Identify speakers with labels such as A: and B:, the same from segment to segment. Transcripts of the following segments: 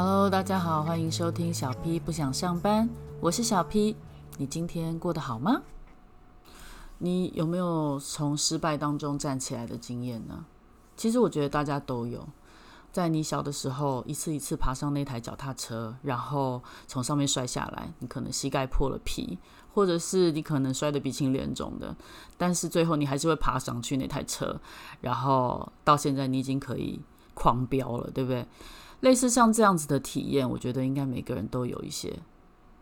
A: Hello，大家好，歡迎收聽小 P 不想上班，我是小 P。你今天過得好嗎？你有沒有從失敗當中站起來的經驗呢？其實我覺得大家都有。在你小的時候，一次一次爬上那台腳踏車，然後從上面摔下來，你可能膝蓋破了皮，或者是你可能摔得鼻青臉腫的，但是最後你還是會爬上去那台車，然後到現在你已經可以狂飆了，對不對？類似像這樣子的體驗，我覺得應該每個人都有一些。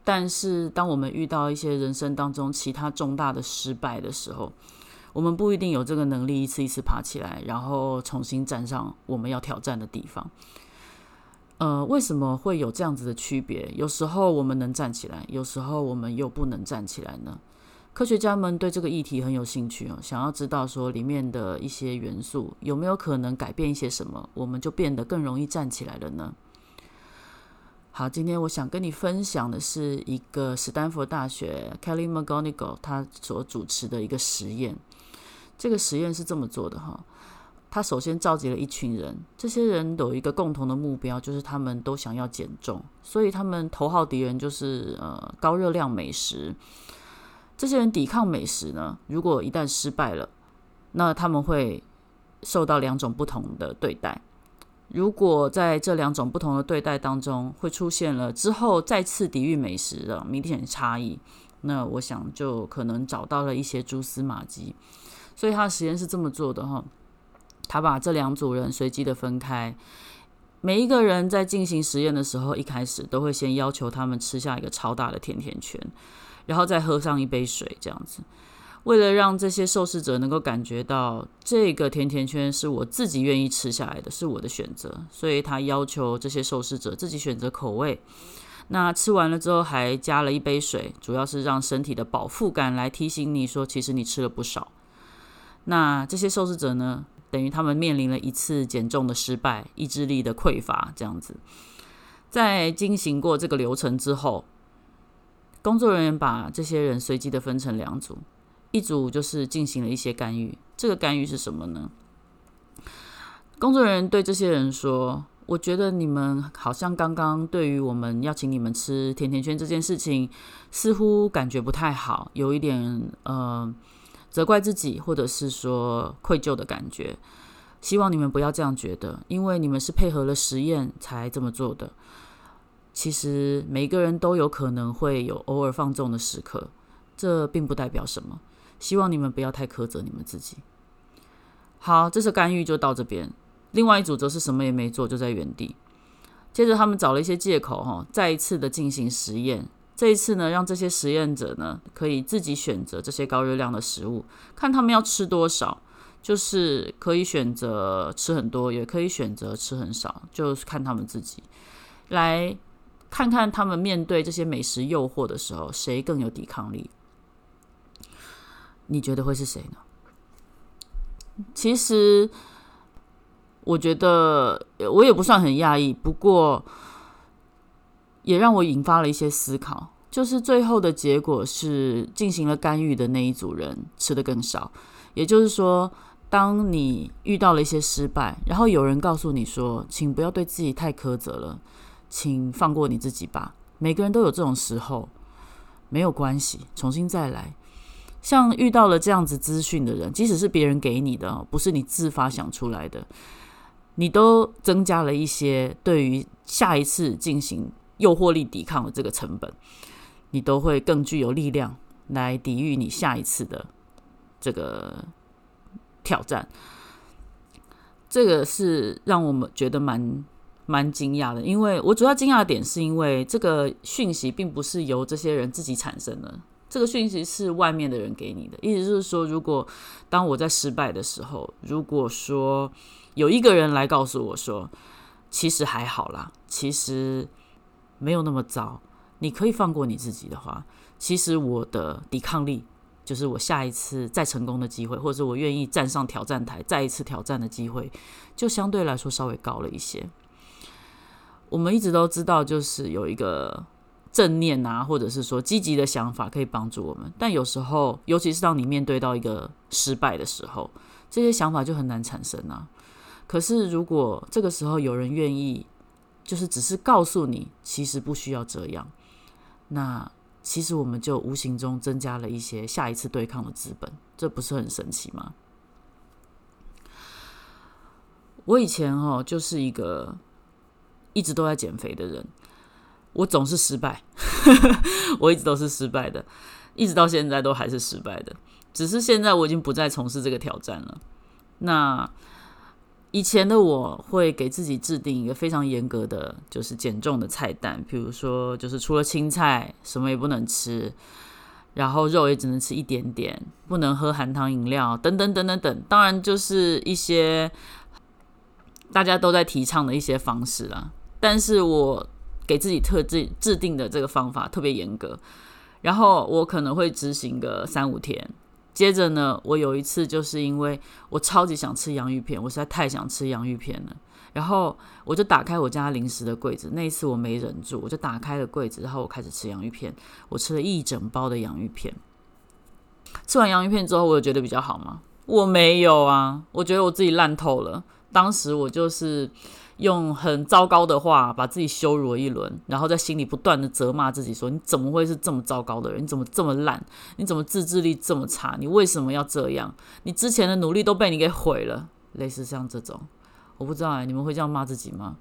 A: 但是，當我們遇到一些人生當中其他重大的失敗的時候，我們不一定有這個能力一次一次爬起來，然後重新站上我們要挑戰的地方。呃，為什麼會有這樣子的區別？有時候我們能站起來，有時候我們又不能站起來呢？科學家們對這個議題很有興趣哦，想要知道說裡面的一些元素有沒有可能改變一些什麼，我們就變得更容易站起來了呢？好，今天我想跟你分享的是一個史丹佛大學 Kelly McGonigal 他所主持的一個實驗。這個實驗是這麼做的哈、哦，他首先召集了一群人，這些人有一個共同的目標，就是他們都想要減重，所以他們頭號敵人就是呃高熱量美食。這些人抵抗美食呢，如果一旦失敗了，那他們會受到兩種不同的對待。如果在這兩種不同的對待當中，會出現了之後再次抵禦美食的明顯差異，那我想就可能找到了一些蛛絲馬跡。所以他的實驗是這麼做的哈，他把這兩組人隨機的分開，每一個人在進行實驗的時候，一開始都會先要求他們吃下一個超大的甜甜圈。然後再喝上一杯水，這樣子，為了讓這些受試者能夠感覺到這個甜甜圈是我自己願意吃下來的，是我的選擇，所以他要求這些受試者自己選擇口味。那吃完了之後還加了一杯水，主要是讓身體的飽腹感來提醒你說，其實你吃了不少。那這些受試者呢，等於他們面臨了一次減重的失敗，意志力的匱乏，這樣子，在進行過這個流程之後。工作人員把這些人隨機的分成兩組，一組就是進行了一些干預。這個干預是什麼呢？工作人員對這些人說：“我覺得你們好像剛剛對於我們要請你們吃甜甜圈這件事情，似乎感覺不太好，有一點呃責怪自己或者是說愧疚的感覺。希望你們不要這樣覺得，因為你們是配合了實驗才這麼做的。”其實每個人都有可能會有偶爾放縱的時刻，這並不代表什麼。希望你們不要太苛責你們自己。好，這次干預就到這邊。另外一組則是什麼也沒做，就在原地。接着他們找了一些借口，哈，再一次的進行實驗。這一次呢，讓這些實驗者呢可以自己選擇這些高熱量的食物，看他們要吃多少，就是可以選擇吃很多，也可以選擇吃很少，就是看他們自己來。看看他們面對這些美食誘惑的時候，誰更有抵抗力？你覺得會是誰呢？其實我覺得我也不算很訝異，不過也讓我引發了一些思考。就是最後的結果是進行了干預的那一組人吃得更少，也就是說，當你遇到了一些失敗，然後有人告訴你說，請不要對自己太苛責了。請放過你自己吧。每個人都有這種時候，沒有關係，重新再來。像遇到了這樣子資訊的人，即使是別人給你的，不是你自發想出來的，你都增加了一些對於下一次進行誘惑力抵抗的這個成本，你都會更具有力量來抵禦你下一次的這個挑戰。這個是讓我們覺得蠻。蠻驚訝的，因為我主要驚訝的點是因為這個訊息並不是由這些人自己產生的，這個訊息是外面的人給你的。意思就是說，如果當我在失敗的時候，如果說有一個人來告訴我說，其實還好啦，其實沒有那麼糟，你可以放過你自己的話，其實我的抵抗力，就是我下一次再成功的機會，或者我願意站上挑戰台再一次挑戰的機會，就相對來說稍微高了一些。我們一直都知道，就是有一個正念啊，或者是說積極的想法可以幫助我們。但有時候，尤其是當你面對到一個失敗的時候，這些想法就很難產生啊。可是，如果這個時候有人願意，就是只是告訴你，其實不需要這樣，那其實我們就無形中增加了一些下一次對抗的資本，這不是很神奇嗎？我以前哦，就是一個。一直都在減肥的人，我總是失敗。 我一直都是失敗的，一直到現在都還是失敗的。只是現在我已經不再從事這個挑戰了。那以前的我會給自己制定一個非常嚴格的就是減重的菜單，比如說就是除了青菜什麼也不能吃，然後肉也只能吃一點點，不能喝含糖飲料，等等等等等等。當然就是一些大家都在提倡的一些方式啦。但是我給自己特制制定的這個方法特別嚴格，然後我可能會執行個三五天。接着呢，我有一次就是因為我超級想吃洋芋片，我實在太想吃洋芋片了，然後我就打開我家零食的櫃子。那一次我沒忍住，我就打開了櫃子，然後我開始吃洋芋片，我吃了一整包的洋芋片。吃完洋芋片之後，我有覺得比較好嗎？我沒有啊，我覺得我自己爛透了。當時我就是。用很糟糕的話把自己羞辱了一輪，然後在心裡不斷的責罵自己說：“你怎麼會是這麼糟糕的人？你怎麼這麼爛？你怎麼自制力這麼差？你為什麼要這樣？你之前的努力都被你給毀了。”類似像這種，我不知道、欸、你們會這樣罵自己嗎？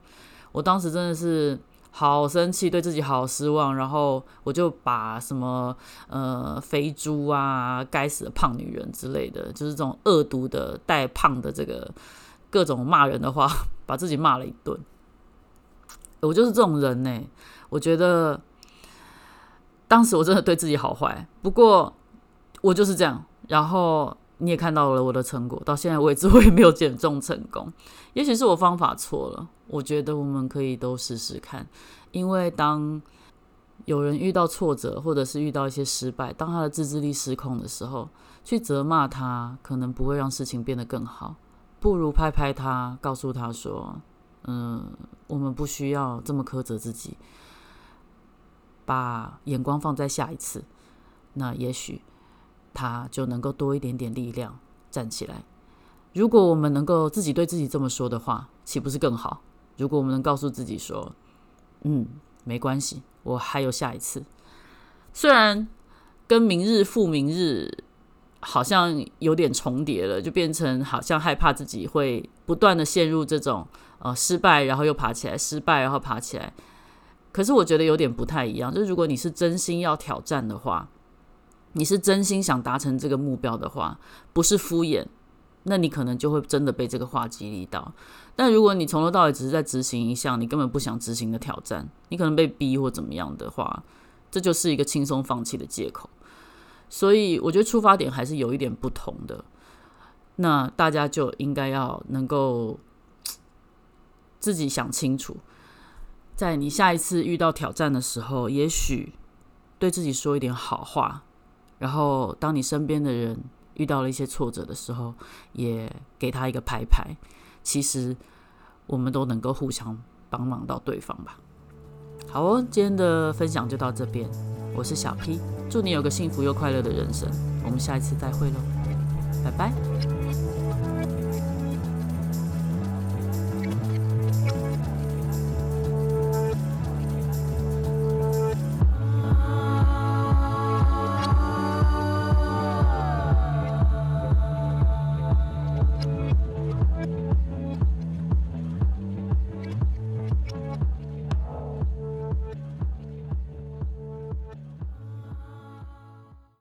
A: 我當時真的是好生氣，對自己好失望，然後我就把什麼呃“肥豬”啊、“該死的胖女人”之類的，就是這種惡毒的帶胖的這個。各種罵人的話，把自己罵了一頓。我就是這種人呢、欸。我覺得當時我真的對自己好壞。不過我就是這樣，然後你也看到了我的成果。到現在為止，我也沒有減重成功。也許是我方法錯了。我覺得我們可以都試試看。因為當有人遇到挫折，或者是遇到一些失敗，當他的自制力失控的時候，去責罵他，可能不會讓事情變得更好。不如拍拍他，告訴他說：“嗯，我們不需要這麼苛責自己，把眼光放在下一次，那也許他就能夠多一點點力量站起來。如果我們能夠自己對自己這麼說的話，豈不是更好？如果我們能告訴自己說：‘嗯，沒關係，我還有下一次。’雖然跟明日復明日。”好像有點重疊了，就變成好像害怕自己會不斷的陷入這種呃失敗，然後又爬起來，失敗然後爬起來。可是我覺得有點不太一樣，就是如果你是真心要挑戰的話，你是真心想達成這個目標的話，不是敷衍，那你可能就會真的被這個話激勵到。但如果你從頭到尾只是在執行一項你根本不想執行的挑戰，你可能被逼或怎麼樣的話，這就是一個輕鬆放棄的借口。所以我覺得出發點還是有一點不同的，那大家就應該要能夠自己想清楚，在你下一次遇到挑戰的時候，也許對自己說一點好話，然後當你身邊的人遇到了一些挫折的時候，也給他一個拍拍。其實我們都能夠互相幫忙到對方吧。好哦，今天的分享就到這邊，我是小 P。祝你有個幸福又快樂的人生，我們下一次再會嘍，拜拜。